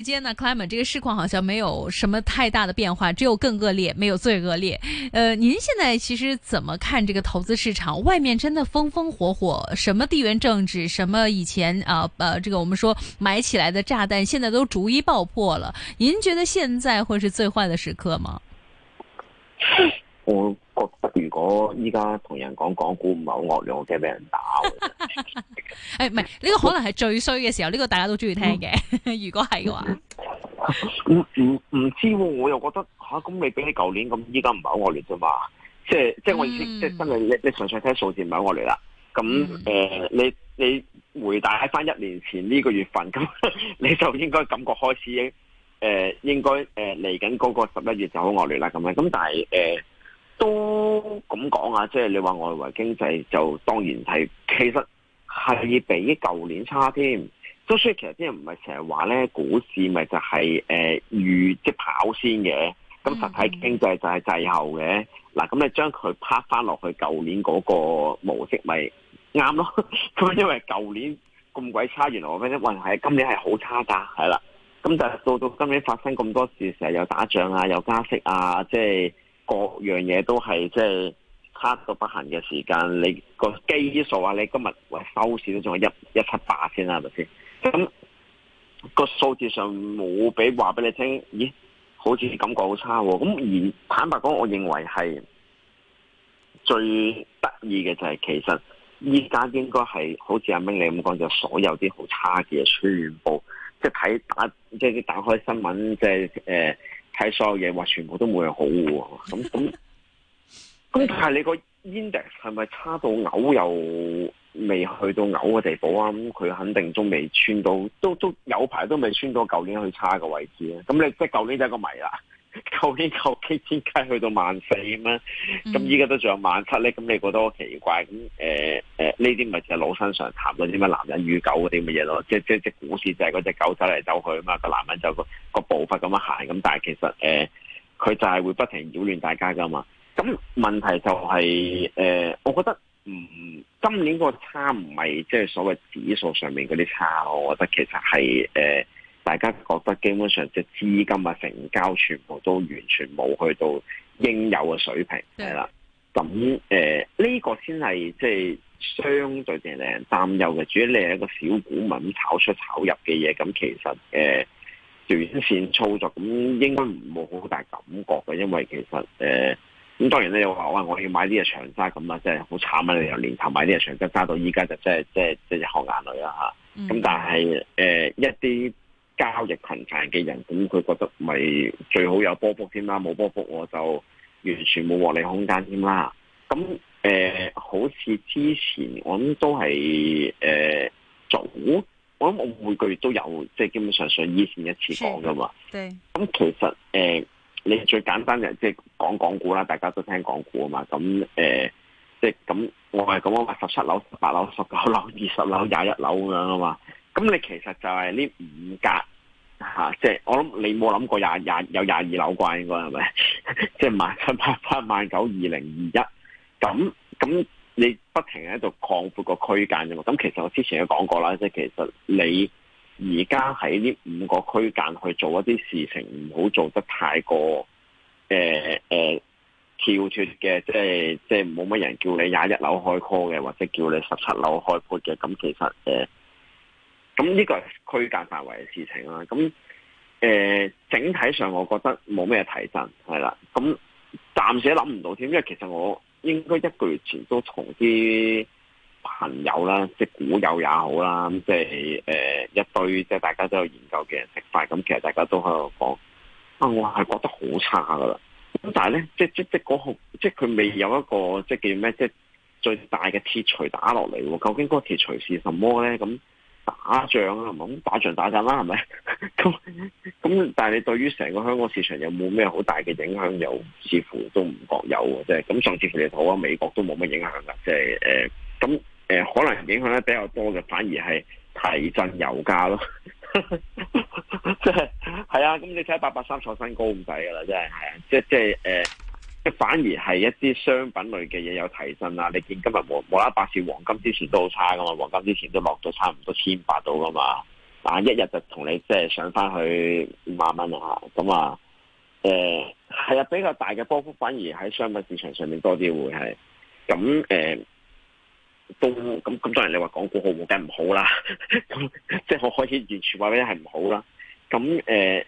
之間呢，克萊門，這個市況好像沒有什麼太大的變化，只有更惡劣，沒有最惡劣。呃，您現在其實怎麼看這個投資市場？外面真的風風火火，什麼地緣政治，什麼以前啊、呃、呃，這個我們說埋起來的炸彈，現在都逐一爆破了。您覺得現在會是最壞的時刻嗎？我、嗯。覺得如果依家同人講港股唔係好惡劣，我驚俾人打我。誒、 哎，唔係呢個可能係最衰嘅時候，呢、這個大家都中意聽嘅。嗯、如果係嘅話，唔唔唔知，我又覺得吓，咁、啊、你俾你舊年咁，依家唔係好惡劣啫嘛？即係即係我、嗯、即係真係，你你純粹睇數字唔係好惡劣啦。咁誒，你、嗯嗯嗯、你，你回帶喺翻一年前呢個月份，咁、嗯、你就應該感覺開始誒、呃，應該誒嚟緊嗰個十一月就好惡劣啦。咁樣咁，但係誒。呃都咁講啊，即係你話外圍經濟就當然係，其實係比舊年差添。都所以其實啲人唔係成日話咧，股市咪就係誒預即跑先嘅，咁實體經濟就係滯後嘅。嗱，mm，咁，hmm. 你將佢拍翻落去舊年嗰個模式咪啱咯？咁因為舊年咁鬼差，原來我咩？哇，係今年係好差㗎，係啦。咁但係到到今年發生咁多事，成日有打仗啊，有加息啊，即係。各樣嘢都係即係差到不行嘅時間，你個基數啊，你今日喂收市都仲係一一七八先啦，係咪先？咁、那個數字上冇俾話俾你聽，咦？好似感覺好差喎、哦。咁而坦白講，我認為係最得意嘅就係、是，其實依家應該係好似阿明你咁講，就所有啲好差嘅全部，即係睇打，即係你打開新聞，即係誒。呃睇所有嘢，話全部都冇有好嘅，咁咁咁，但係你個 index 係咪差到嘔又未去到嘔嘅地步啊？咁佢肯定都未穿到，都都有排都未穿到舊年去差嘅位置咧。咁你即係舊年就係個謎啦。究竟究竟點解去到萬四咁樣？咁依家都仲有萬七咧？咁你覺得好奇怪。咁誒誒，呢啲咪就係老生常談嗰啲咩男人與狗嗰啲乜嘢咯？即即股市就係嗰隻狗走嚟走去啊嘛，個男人就個個步伐咁樣行咁，但係其實誒，佢、呃、就係會不停擾亂大家噶嘛。咁問題就係、是、誒、呃，我覺得唔、呃、今年個差唔係即係所謂指數上面嗰啲差，我覺得其實係誒。呃。大家覺得基本上隻資金啊、成交全部都完全冇去到應有嘅水平，係啦的。咁誒呢個先係即係相對地令人擔憂嘅。主要你係一個小股民炒出炒入嘅嘢，咁其實誒、呃、短線操作咁應該冇好大感覺嘅，因為其實誒咁、呃、當然咧又話哇，我要買呢隻長揸咁啊，真係好慘啊！你由年頭買呢隻長揸揸到依家就真係真係真係學眼淚啦嚇。咁、嗯、但係誒、呃、一啲。交易頻繁嘅人，咁佢覺得咪最好有波幅添啦，冇波幅我就完全冇獲利空間添啦。咁誒、呃，好似之前我諗都係誒、呃、早，我諗我每個月都有，即、就、係、是、基本上上依線一次講噶嘛。咁其實誒、呃，你最簡單嘅即係講港股啦，大家都聽港股啊嘛。咁誒，即係咁，就是、我係咁，我話十七樓、十八樓、十九樓、二十樓、廿一樓咁樣啊嘛。咁你其實就係呢五格吓，即、就、係、是、我諗你冇諗過廿廿有廿二樓啩，應該係咪？即係萬七八八萬九二零二一，咁咁你不停喺度擴闊個區間啫嘛。咁其實我之前有講過啦，即、就、係、是、其實你而家喺呢五個區間去做一啲事情，唔好做得太過誒誒、呃呃、跳脫嘅，即係即係冇乜人叫你廿一樓開 call 嘅，或者叫你十七樓開闊嘅。咁其實誒。呃咁呢個係區間範圍嘅事情啦。咁誒、呃，整體上我覺得冇咩提振係啦。咁暫時都諗唔到添，因為其實我應該一個月前都同啲朋友啦，即係股友也好啦，即係誒、呃、一堆即係大家都有研究嘅人食飯。咁其實大家都喺度講啊，我係覺得好差㗎啦。咁但係咧，即即即嗰、那個即係佢未有一個即係叫咩，即係最大嘅鐵錘打落嚟喎。究竟嗰個鐵錘是什麼咧？咁打仗啊，係咪咁打仗，打仗啦，係咪？咁 咁，但係你對於成個香港市場有冇咩好大嘅影響？又似乎都唔覺有即係。咁上次佢哋講美國都冇咩影響噶，即係誒，咁、呃、誒、呃、可能影響得比較多嘅，反而係提振油價咯。即係係啊，咁你睇下八八三坐新高唔使噶啦，即係係啊，即即係誒。呃即反而係一啲商品類嘅嘢有提振啦，你見今日冇無啦啦，百兆黃金之前都好差噶嘛，黃金之前都落咗差唔多千八度噶嘛，但係一日就同你即係上翻去五萬蚊啊，咁啊，誒係啊，比較大嘅波幅，反而喺商品市場上面多啲會係，咁誒、嗯、都咁咁，當然你話港股好唔好？梗唔好啦， 即係我可以完全話俾你係唔好啦，咁誒。嗯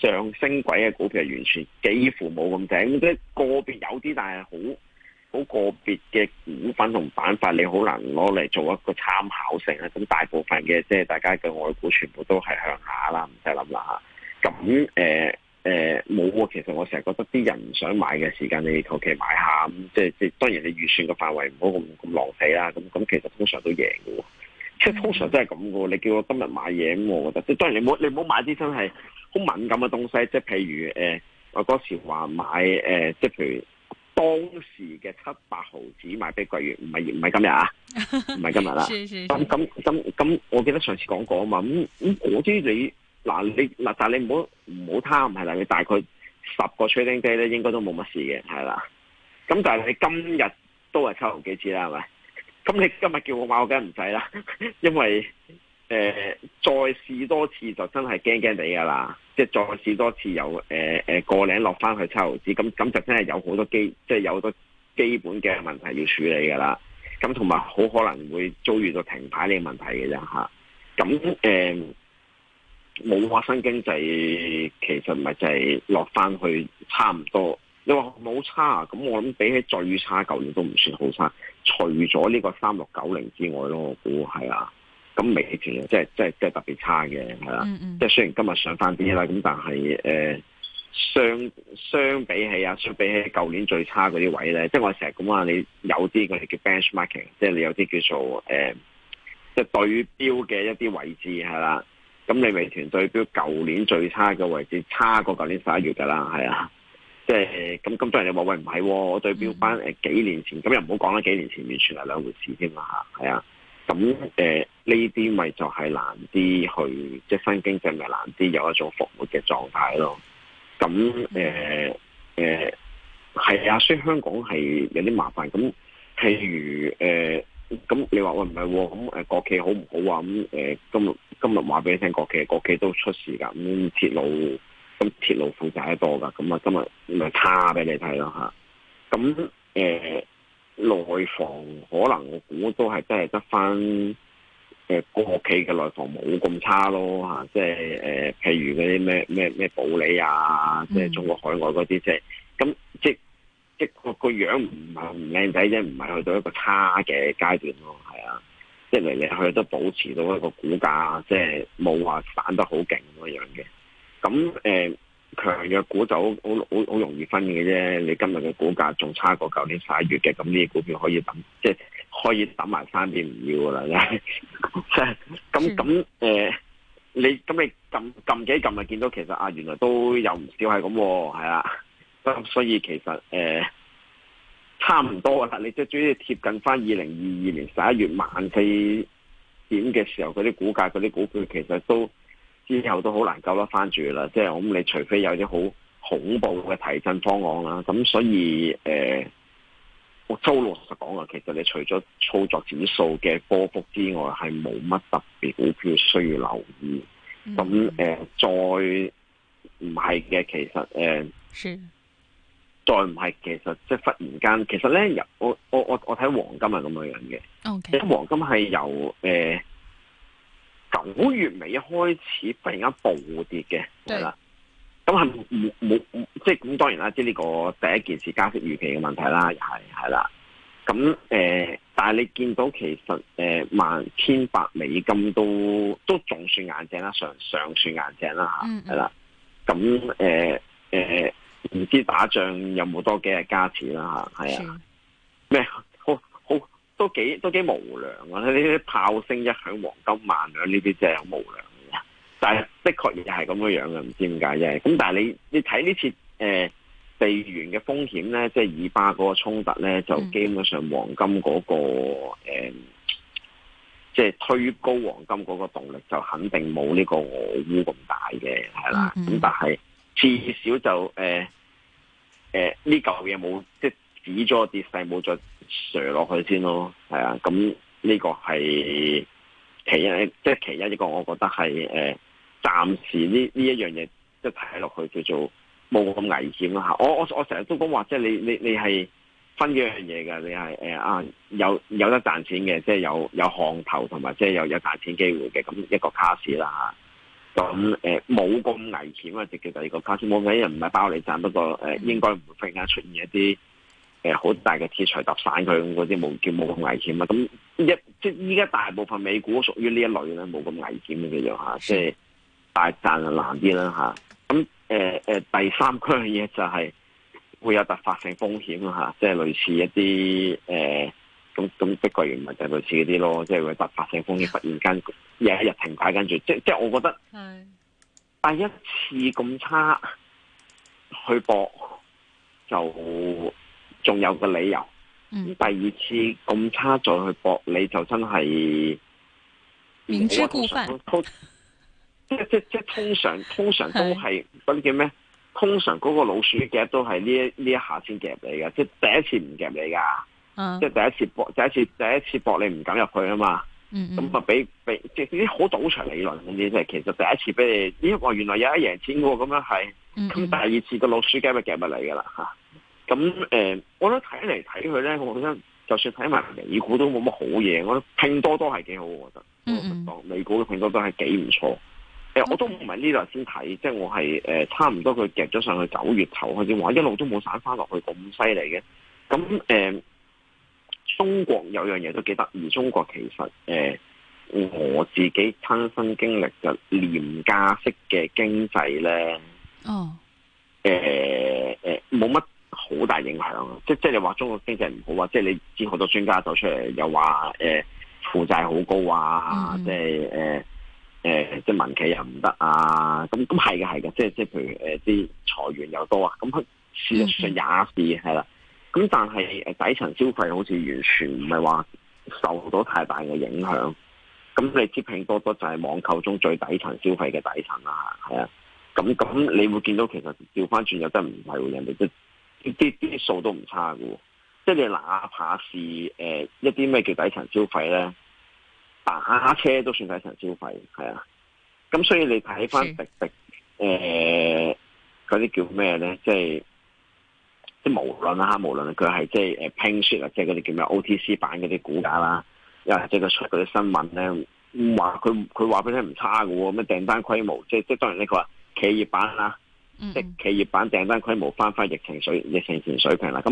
誒，上升軌嘅股票係完全幾乎冇咁頂，即係個別有啲，但係好好個別嘅股份同板塊，你好難攞嚟做一個參考性啊。咁大部分嘅即係大家嘅外股，全部都係向下啦，唔使諗啦。咁誒誒，冇、呃呃、啊。其實我成日覺得啲人唔想買嘅時間，你求其買下，咁即係即係，當然你預算嘅範圍唔好咁咁浪費啦。咁咁，其實通常都贏嘅，即係、mm hmm。通常都係咁嘅。你叫我今日買嘢，咁我覺得，即係當然你唔好你唔好買啲真係敏感嘅東西，即係譬如誒、呃，我嗰時話買、呃、即係譬如當時嘅七百毫子買碧桂園，唔係唔係今日啊，唔係今日啦、啊。咁咁咁咁，是我記得上次講過啊嘛。咁咁，我知你嗱你嗱，但係你唔好唔好貪係啦。你大概十個 trading day 咧，應該都冇乜事嘅，係啦。咁但係你今日都係七毫幾次啦，係咪？咁你今日叫我買，我梗係唔使啦，因為誒、呃、再試多次就真係驚驚地㗎啦。即係再試多次有誒誒個零落翻去七毫子，咁咁就真係有好多基，即係有好多基本嘅問題要處理噶啦。咁同埋好可能會遭遇到停牌呢個問題嘅啫吓。咁、啊、誒，冇話新經濟其實咪就係落翻去差唔多。你話冇差。咁我諗比起最差舊年都唔算好差，除咗呢個三六九零之外囉，我估係啊。咁美團嘅即係即係即係特別差嘅係啦，mm hmm. 即係雖然今日上翻啲啦，咁但係誒、呃、相相比起啊，相比起舊年最差嗰啲位咧，即係我成日咁話你有啲我哋叫 benchmarking，即係你有啲叫做誒、呃、即係對標嘅一啲位置係啦，咁你美團對標舊年最差嘅位置，差過舊年十一月㗎啦，係啊，即係咁咁多人又話喂唔係、哦，我對標翻誒幾年前，咁、mm hmm. 又唔好講啦，幾年前完全係兩回事添啊嚇，係啊，咁誒。呃呢啲咪就係難啲去，即新經濟咪難啲有一種復活嘅狀態咯。咁誒誒係啊，所以香港係有啲麻煩。咁譬如誒，咁、呃、你話喂唔係喎，咁誒國企好唔好啊？咁誒、呃、今日今日話俾你聽，國企國企都出事㗎。咁鐵路咁鐵路負債得多㗎，咁啊今日咪差俾你睇咯嚇。咁誒、呃、內房可能我估都係真係得翻。個學期嘅內房冇咁差咯嚇，即係誒，譬如嗰啲咩咩咩保理啊，即係中國海外嗰啲即係，咁即即個個樣唔係唔靚仔啫，唔係去到一個差嘅階段咯，係啊，即嚟嚟去去都保持到一個股價，即係冇話反得好勁嗰樣嘅，咁誒強弱股就好好好容易分嘅啫，你今日嘅股價仲差過舊年十一月嘅，咁呢啲股票可以等，即係可以等埋三年要噶啦。咁咁誒，你咁你撳撳幾撳，咪見到其實啊，原來都有唔少係咁，係啊。所以其實誒、呃，差唔多啦。你即係主要貼近翻二零二二年十一月萬四點嘅時候，嗰啲股價，嗰啲股票其實都。之後都好難救得翻住啦，即係我諗，你除非有啲好恐怖嘅提振方案啦，咁所以誒、呃，我周老實講嘅，其實你除咗操作指數嘅波幅之外，係冇乜特別股票需要留意。咁誒、嗯呃，再唔係嘅，其實誒，呃、是再唔係，其實即係忽然間，其實咧，由我我我我睇黃金係咁嘅樣嘅，因為 Okay. 黃金係由誒。呃五月尾開始突然間暴跌嘅，係啦，咁係冇冇即係咁當然啦，即係呢個第一件事加息預期嘅問題啦，係係啦，咁誒、呃，但係你見到其實誒、呃、萬千百美金都都仲算硬淨啦，上尚算硬淨啦嚇，係啦、嗯，咁誒誒，唔、呃、知打仗有冇多幾日加錢啦嚇，係啊，咩？都幾都幾無良啊！呢啲炮聲一響，黃金萬兩，呢啲真係有無良嘅。但係的確亦係咁嘅樣嘅，唔知點解，啫。咁但係你你睇、呃、呢次誒地緣嘅風險咧，即、就、係、是、以巴嗰個衝突咧，就基本上黃金嗰、那個誒，即、呃、係、就是、推高黃金嗰個動力就肯定冇呢個俄烏咁大嘅係啦。咁、嗯嗯、但係至少就誒誒呢嚿嘢冇即係。呃呃這個止咗跌勢，冇再瀉落去先咯，係啊，咁呢個係其一，即係其一，一個我覺得係誒、呃、暫時呢呢一樣嘢，即係睇落去叫做冇咁危險啦、啊、嚇。我我我成日都講話，即係你你你係分幾樣嘢㗎，你係誒啊有有得賺錢嘅，即係有有看頭同埋即係有有賺錢機會嘅，咁一個卡士啦嚇。咁誒冇咁危險啊，直其第二個卡士，冇緊要，唔係包你賺，不過誒應該唔會忽然間出現一啲。誒，好大嘅鐵材搭散佢，嗰啲冇叫冇咁危險啊！咁一即係依家大部分美股屬於呢一類咧，冇咁危險嘅嘢吓，即係大賺難啲啦吓。咁誒誒，第三區嘅嘢就係會有突發性風險啊吓，即係類似一啲誒，咁咁碧桂園咪就類似嗰啲咯，即係會突發性風險，突然間有一日停牌跟住，即即係我覺得係第一次咁差去搏就好。仲有個理由，咁、嗯、第二次咁差再去搏，你就真係明知故犯。即即通常通常都係嗰啲叫咩？通常嗰是個老鼠夾都係呢一呢一下先夾你嘅，即第一次唔夾你噶，啊、即第一次搏，第一次第一次搏你唔敢入去啊嘛。咁啊俾俾即啲好賭場理論嗰啲，即其實第一次俾你咦？原來有一贏錢喎、啊，咁樣係咁、嗯嗯、第二次個老鼠夾咪夾埋嚟噶啦吓。咁誒、呃，我覺得睇嚟睇去咧，我覺得就算睇埋美股都冇乜好嘢。我覺得拼多多係幾好，嗯嗯我覺得美股嘅拼多多係幾唔錯。誒、呃，我都唔係呢度先睇，即係我係誒、呃、差唔多佢夾咗上去九月頭佢始話，一路都冇散翻落去咁犀利嘅。咁誒、呃，中國有樣嘢都幾得意，中國其實誒、呃，我自己親身經歷嘅廉價式嘅經濟咧，哦、呃，冇、呃、乜。好大影響啊！即即你話中國經濟唔好啊！即你知好多專家走出嚟又話誒、欸、負債好高啊！Mm hmm. 即係誒誒即民企又唔得啊！咁咁係嘅係嘅，即即譬如誒啲裁員又多啊！咁佢事實上也是係啦。咁但係誒底層消費好似完全唔係話受到太大嘅影響。咁你知拼多多就係網購中最底層消費嘅底層啦，係啊。咁咁你會見到其實調翻轉又真係唔係，人哋都。啲啲數都唔差嘅，即係你哪怕是誒、呃、一啲咩叫底層消費咧，打車都算底層消費，係啊。咁所以你睇翻滴滴誒嗰啲叫咩咧？即係即係無論啊，無論佢係即係誒平 share 啊，即係嗰啲叫咩 OTC 版嗰啲股價啦，又或者佢出嗰啲新聞咧，話佢佢話俾你唔差嘅喎，咩訂單規模，即係即係當然呢個話企業版啊。.即企業版訂單規模翻翻疫情水疫情前水平啦，咁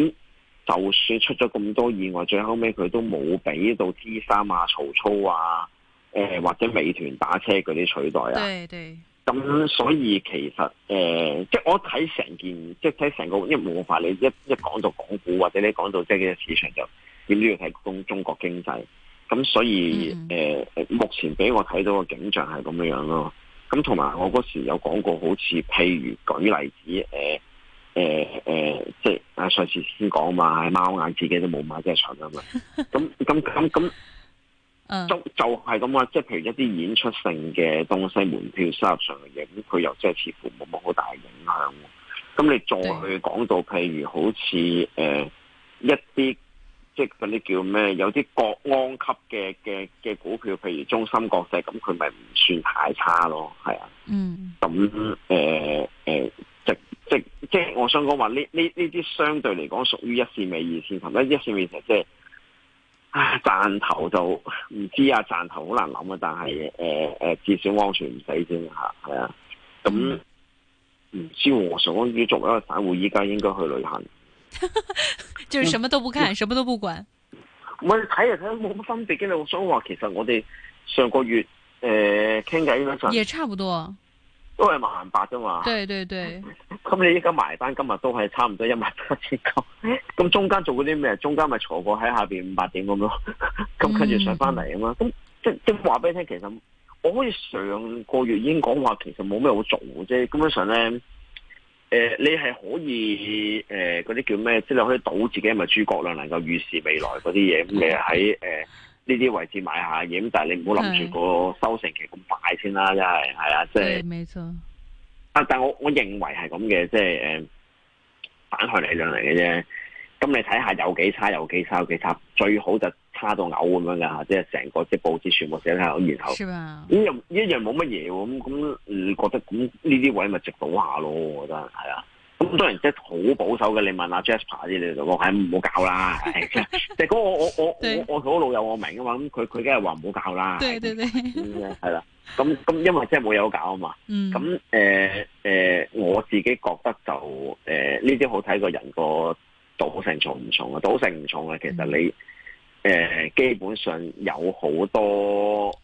就算出咗咁多意外，最後尾佢都冇俾到 T 三啊、曹操啊，誒、呃、或者美團打車嗰啲取代啊。對對。咁所以其實誒、呃，即我睇成件，即睇成個，因為冇法你一一講到港股，或者你講到即呢隻市場就，就點都要睇中中國經濟。咁所以誒、呃，目前俾我睇到個景象係咁樣樣咯。咁同埋我嗰時有講過，好似譬如舉例子，誒誒即係啊上次先講嘛，貓眼自己都冇買隻場啊嘛，咁咁咁咁，都就係咁啊！即係譬如一啲演出性嘅東西，門票收入上嘅嘢，咁佢又即係似乎冇乜好大影響。咁你再去講到譬、嗯、如好似誒、呃、一啲。即係嗰啲叫咩？有啲國安級嘅嘅嘅股票，譬如中芯國際，咁佢咪唔算太差咯？係、嗯呃呃、啊，嗯，咁誒誒，即即即係我想講話呢呢呢啲相對嚟講屬於一線未二線頭一線未頭即係啊，賺頭就唔知啊，賺頭好難諗啊，但係誒誒，至少安全唔使先吓，係啊，咁唔、嗯、知我屬於作為一個，散戶依家應該去旅行。 就是什麼都不看，嗯嗯、什麼都不管。我睇嚟睇冇乜分別嘅，我想話其實我哋上個月誒傾偈嗰陣，呃、應該也差唔多，都係萬八啫嘛。對對對，咁、嗯、你依家埋單今日都係差唔多一萬八千九，咁 中間做嗰啲咩？中間咪坐過喺下邊五百點咁咯，咁跟住上翻嚟啊嘛？咁即係即係話俾你聽，其實我可以上個月已經講話，其實冇咩好做嘅啫，根本上咧。誒、呃，你係可以誒，嗰、呃、啲叫咩？即、就、係、是、可以賭自己因咪諸葛亮能夠預示未來嗰啲嘢，咁 你喺誒呢啲位置買下嘢，咁但係你唔好諗住個收成期咁快先啦，的真係係啊，的即係。錯啊，但係我我認為係咁嘅，即係誒、呃，反向力量嚟嘅啫。咁你睇下有幾差，有幾差，有幾差，最好就是。加到嘔咁樣㗎，即係成個即係報紙全部寫曬，然後咁又、嗯、一樣冇乜嘢喎。咁、嗯、咁，你覺得咁呢啲位咪值賭下咯？我覺得係啊。咁、嗯、當然即係好保守嘅。你問阿 Jasper 啲你就話係唔好搞啦。 即係嗰個我我我對 我我嗰個老友我明啊嘛。咁佢佢梗係話唔好搞啦。對係對啦。咁咁、嗯嗯嗯嗯嗯、因為即係冇有搞啊嘛。咁誒誒，我自己覺得就誒呢啲好睇個人個賭性重唔重啊？賭性唔重啊，其實、嗯、你。誒、呃，基本上有好多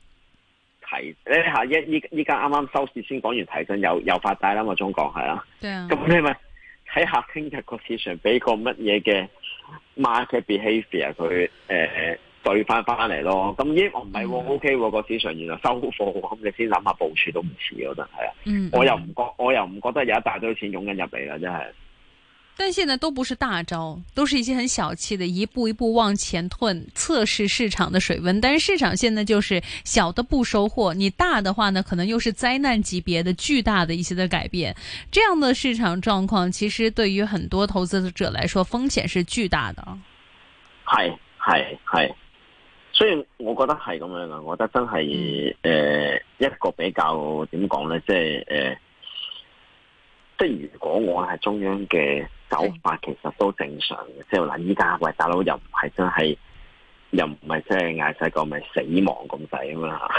提，你下一依依家啱啱收市先講完提震，又又發大啦！我仲講係啊，咁的你咪睇下聽日個市場俾個乜嘢嘅 market behavior 佢誒、呃、對翻翻嚟咯？咁依我唔係喎，O K 喎，個、OK、市場原來收貨，咁你先諗下部署都唔似陣係啊，我又唔覺，我又唔覺得有一大堆錢湧緊入嚟啦，真係。但現在都不是大招，都是一些很小氣的，一步一步往前退，測試市場的水温。但係市場現在就是小的不收貨，你大的話呢，可能又是災難級別的巨大的一些的改變。這樣的市場狀況，其實對於很多投資者來說，風險是巨大的。係係係，所以我覺得係咁樣嘅，我覺得真係、呃、一個比較點講呢，即係即係如果我係中央嘅。是走法其實都正常嘅，即係嗱，依家喂大佬又唔係真係，又唔係即係嗌曬個，咪死亡咁滯啊嘛。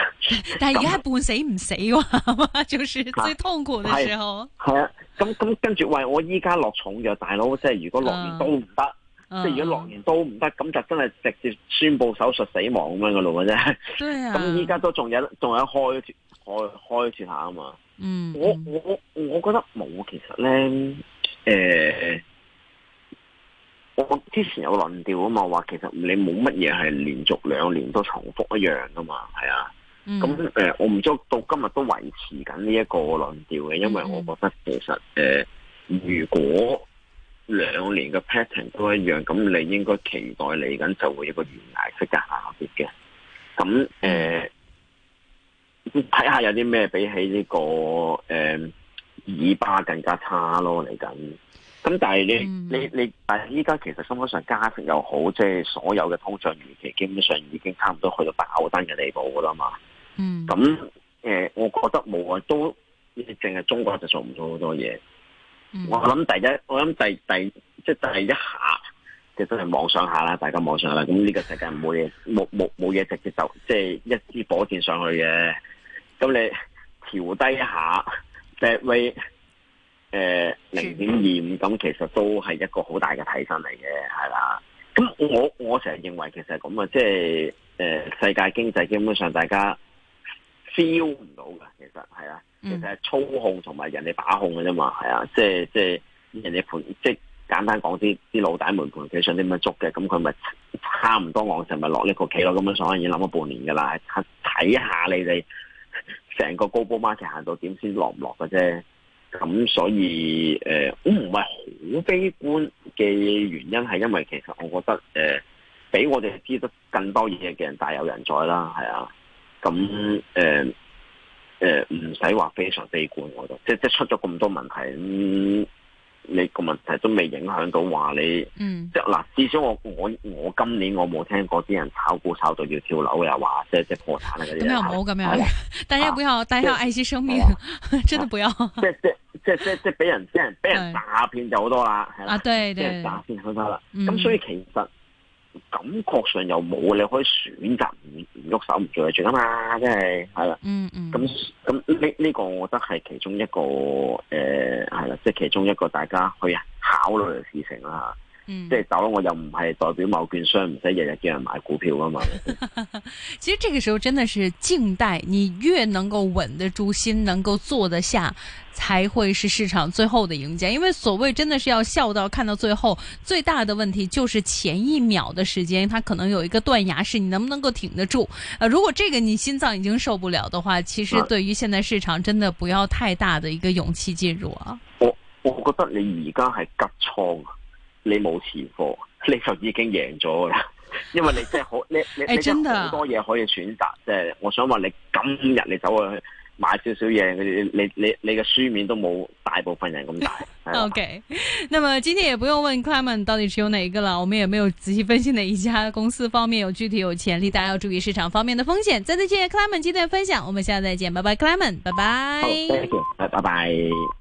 但係而家係半死唔死喎，係嘛 那？就算最痛苦嘅時候。係啊，咁咁跟住喂，我依家落重藥，大佬即係如果落完都唔得，啊、即係如果落完都唔得，咁、啊、就真係直接宣佈手術死亡咁樣嘅咯，真係、啊。咁依家都仲有，仲有開開開住下啊嘛。嗯。我我我，我覺得冇，其實咧。誒、欸，我之前有論調啊嘛，話其實你冇乜嘢係連續兩年都重複一樣噶嘛，係啊。咁誒，我唔知道我到今日都維持緊呢一個論調嘅，因為我覺得其實誒、欸，如果兩年嘅 pattern 都一樣，咁你應該期待嚟緊就會有個懸崖式嘅下跌嘅。咁誒，睇下有啲咩比起呢個誒。欸以巴更加差咯，嚟緊。咁但係你、嗯、你你，但係依家其實根本上家庭又好，即、就、係、是、所有嘅通脹預期，基本上已經差唔多去到爆燈嘅地步噶啦嘛。嗯，咁誒、呃，我覺得冇啊，都淨係中國就做唔到好多嘢。嗯、我諗第一，我諗第第即係第一下，即係都係妄想下啦，大家妄想下啦。咁呢個世界冇嘢，冇冇冇嘢直接就即係、就是、一支火箭上去嘅。咁你調低一下。誒，零點二五，咁其實都係一個好大嘅提升嚟嘅，係啦。咁我我成日認為，其實咁啊，即係誒，世界經濟基本上大家 feel 唔到噶，其實係啊，其實係操控同埋人哋把控嘅啫嘛，係啊，即係即係人哋盤，即係簡單講啲啲老大門盤企上啲乜捉嘅，咁佢咪差唔多我成日落呢個企咯，咁樣所以已經諗咗半年噶啦，睇睇下你哋。成個高波 market 行到點先落唔落嘅啫，咁所以誒、呃，我唔係好悲觀嘅原因係因為其實我覺得誒、呃，畀我哋知得更多嘢嘅人大有人在啦，係啊，咁誒誒唔使話非常悲觀，我覺得即即出咗咁多問題。嗯你個問題都未影響到話你，嗯、即係嗱，至少我我我今年我冇聽過啲人炒股炒到要跳樓，又話即係即係破產嘅嘢。冇咁咩？的大家不要，大家要愛惜生命，啊、真的不要。啊、即即即即即俾人俾人俾人詐騙就好多啦，係啦對。的啊，對對，對，詐騙好多啦。咁、嗯、所以其實。感覺上又冇，你可以選擇唔唔喐手唔做住㗎嘛，即係係啦，嗯嗯，咁咁呢呢個我覺得係其中一個誒係啦，即、呃、係其中一個大家去考慮嘅事情啦。嗯，即係走，我又唔係代表某券商唔使日日叫人買股票噶嘛。其實這個時候真的是靜待，你越能夠穩得住心，能夠坐得下，才會是市場最後的贏家。因為所謂真的是要笑到看到最後，最大的問題就是前一秒的時間，它可能有一個斷崖式，你能不能夠挺得住？呃，如果這個你心臟已經受不了的話，其實對於現在市場真的不要太大的一個勇氣進入啊。我我覺得你而家係吉倉。你冇持貨，你就已經贏咗啦。 因為你真係好，你你、欸、你好多嘢可以選擇。即係、啊、我想話，你今日你走去買少少嘢，你你你嘅輸面都冇大部分人咁大。 吧 OK，那麼今天也不用問 Clayman 到底持有哪一個啦。我們也沒有仔細分析哪一家公司方面有具體有潛力。大家要注意市場方面的風險。再次謝謝 Clayman 今天分享，我們下次再見，拜拜，Clayman，拜拜。thank you，拜拜拜。